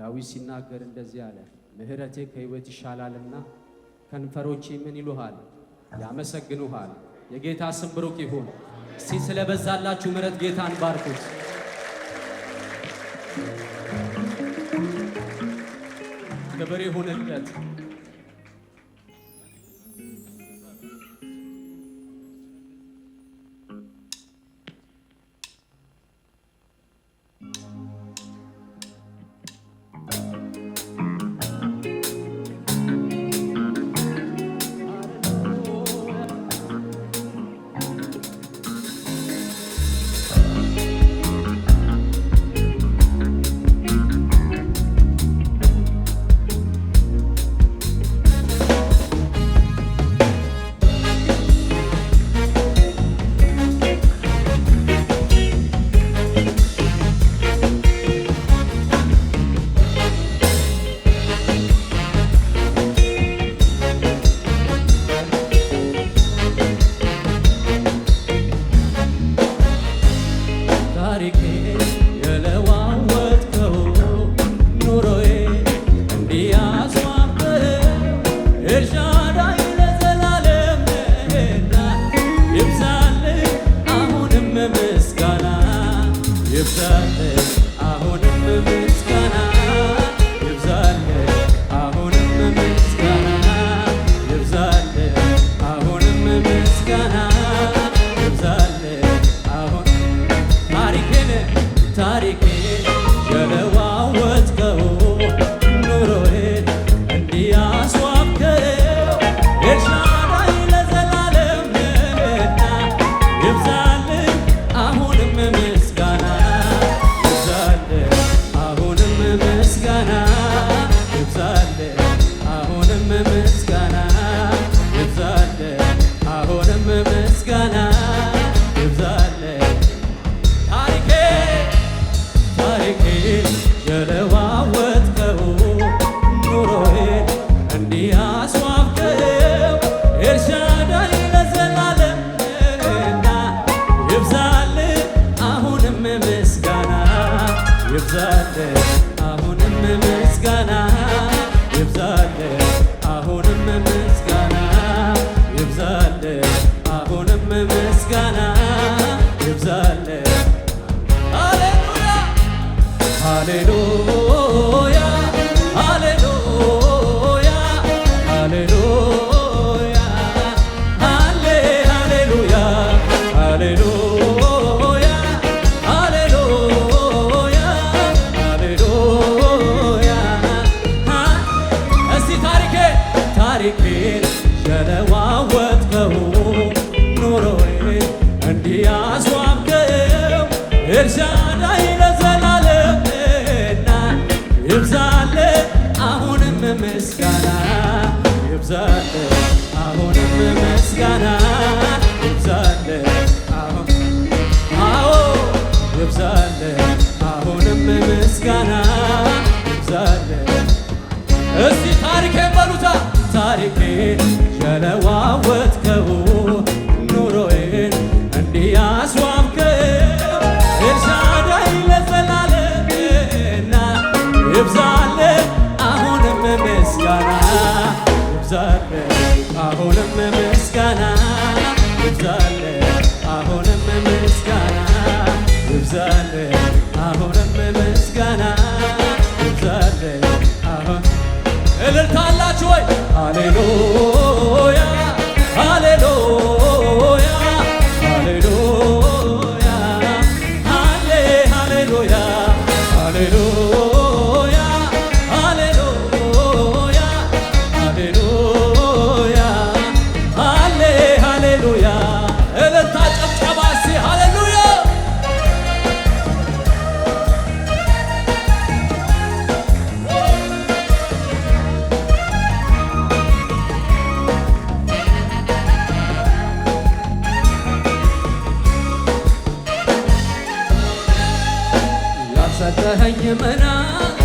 ዳዊት ሲናገር እንደዚህ አለ፣ ምሕረቴ ከሕይወት ይሻላልና ከንፈሮቼ ምን ይሉሃል? ያመሰግኑሃል። የጌታ ስም ብሩክ ይሁን። እስቲ ስለበዛላችሁ ምሕረት ጌታን ባርኩት። ክብር ይሁንለት። ይብዛለ አሁንም ምስጋና ይብዛለ አሁንም ምስጋና ይብዛለ አዎ አሁንም ምስጋና እስቲ በሉታ ሰጠኸኝ መናቅ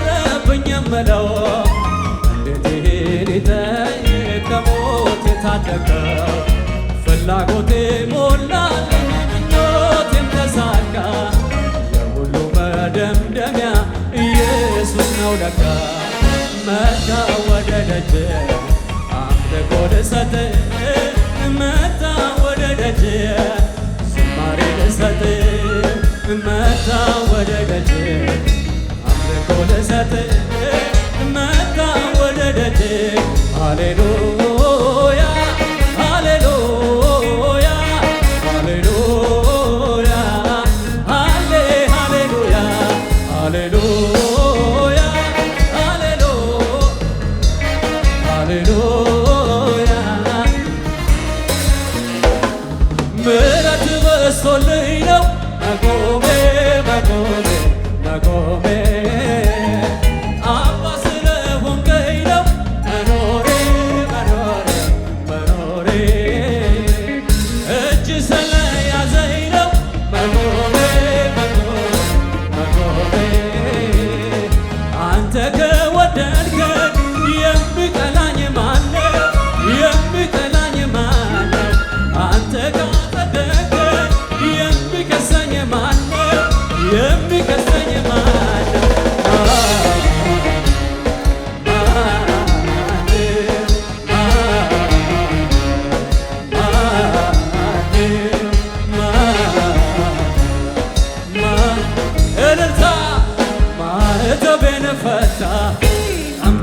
ቀረብኝ የምለው እንዴት ይሄን ይጠይቅ ከሞት የታደገው ፍላጎቴ ሞላልኝ ምኞቴም ተሳካ የሁሉ መደምደሚያ ኢየሱስ ነው ለካ መጣ ወደ ደጅ አምልኮ ልሰጥ መጣ ወደ ደጅ ዝማሬ ልሰጥ መጣ the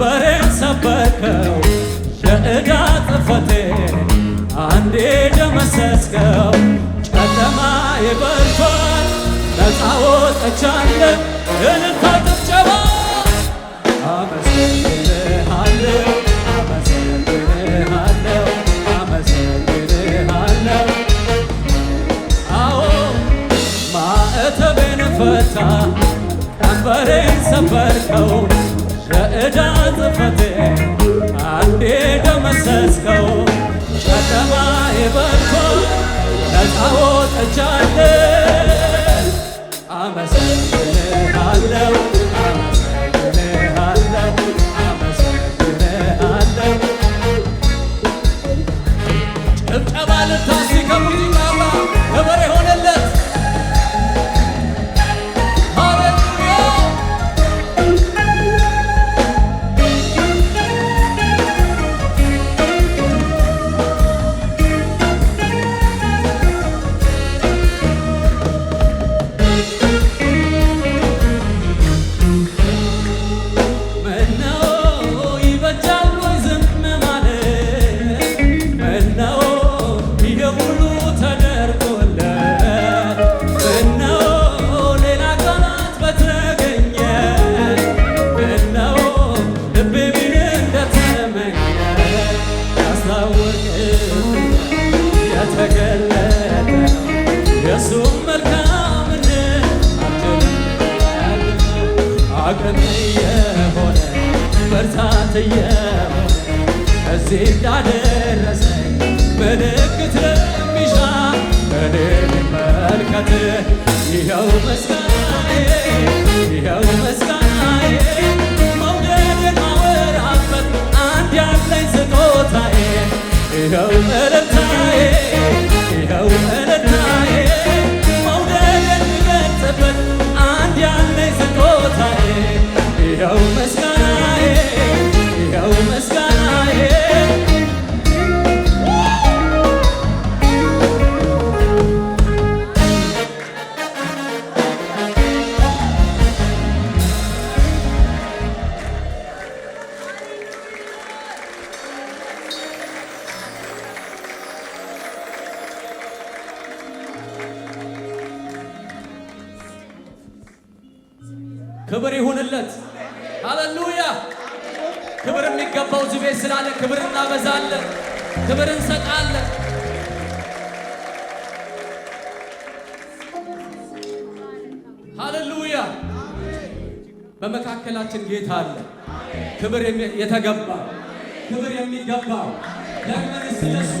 ቀንበሬን ሰበርከው የዕዳ ጥፈቴ አንዴ ደመሰስከው። ጨለማ በርቷል ነፃ ወጥቻለሁ። እልልታ ጭብጨባ አመሰግንሃለሁ አመሰግንሃለሁ ሰበርከው ለእዳ ጽፈቴ አንዴ ደመሰስከው ጨለማ የበርቶ ነፃ ወጥቻለሁ። አመሰግንሃለሁ አመሰግንሃለሁ አመሰግንሃለሁ ጭብጨባ ልታስከብሩኝ መንገድን መልከት ይኸው መስጋናዬ ይኸው መስጋናዬ መውደድን ማወራበት አንድ ያለኝ ስጦታዬ ይኸው እልልታዬ ይኸው እልልታዬ መውደድን ምገልጽበት አንድ ያለኝ ስጦታዬ ይኸው መስጋናዬ ይኸው መስጋ የገባው እዚህ ቤት ስላለ ክብር እናበዛለን፣ ክብር እንሰጣለን። ሃሌሉያ! በመካከላችን ጌታ አለ። ክብር የተገባ ክብር የሚገባው ለምን ስለሱ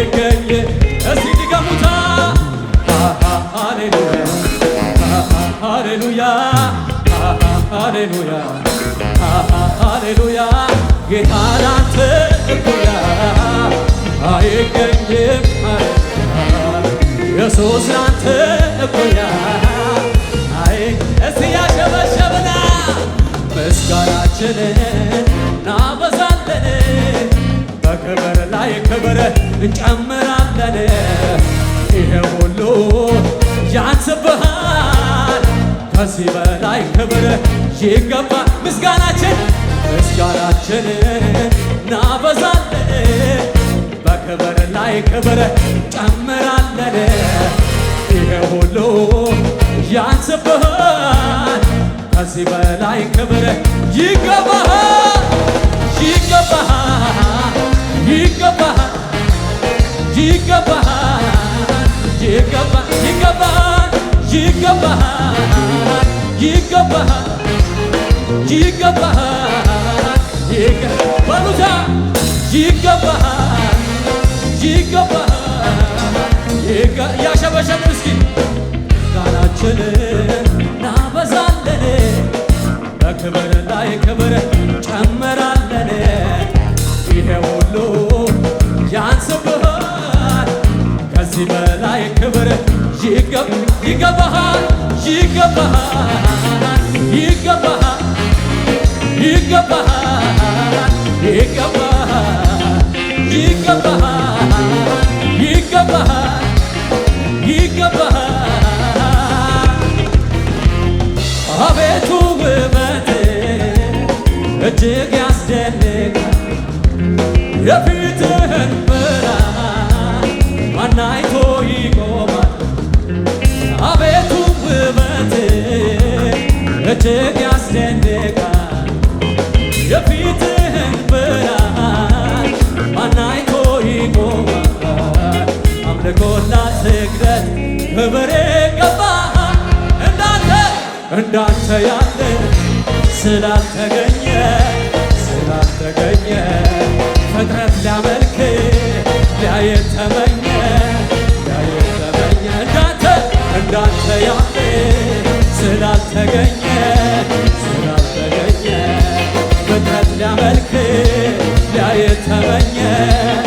ሲገኝ እስቲ ድገሙታ ሃሌሉያ ሃሌሉያ ሃሌሉያ ሃሌሉያ ጌታ ላንተ እኩያ አይገኝም ኢየሱስ ላንተ እኩያ አይ እስቲ ያሸበሸብና ምስጋናችንን እንጨምራለን ይሄ ሁሉ ያንስብሃል ከዚህ በላይ ክብር ይገባ ምስጋናችን ምስጋናችን እናበዛለን በክብር ላይ ክብር ጨምራለን ይሄ ሁሉ ያንስብሃል ከዚህ በላይ ክብር ይገባሃል ይገባሃል ይገባሃል ያሸበሸብ እስኪ ቃላችንን እናበዛለን በክብር ላይ ክብር ጨምራለን ይሄ ሁሉ ያንስብሃል ከዚህ በላይ ክብር Yiga, yiga bahar, yiga bahar, yiga bahar, yiga bahar, yiga bahar, yiga bahar, yiga bahar, yiga bahar. Abe tu bemete, jiga stende. Every እጅግ ያስደንቃል የፊትህን ብርሃን ማን አይቶ ይቆማል? አምልኮና ስግደት ክብር ይገባሃል። እንዳንተ እንዳንተ ያለ ስላልተገኘ ስላልተገኘ ፍጥረት ሊያመልክ ሊያየት ስላልተገኘ ስላልተገኘ ፍጥረት ሊያመልክ ሊያየት ተመኘ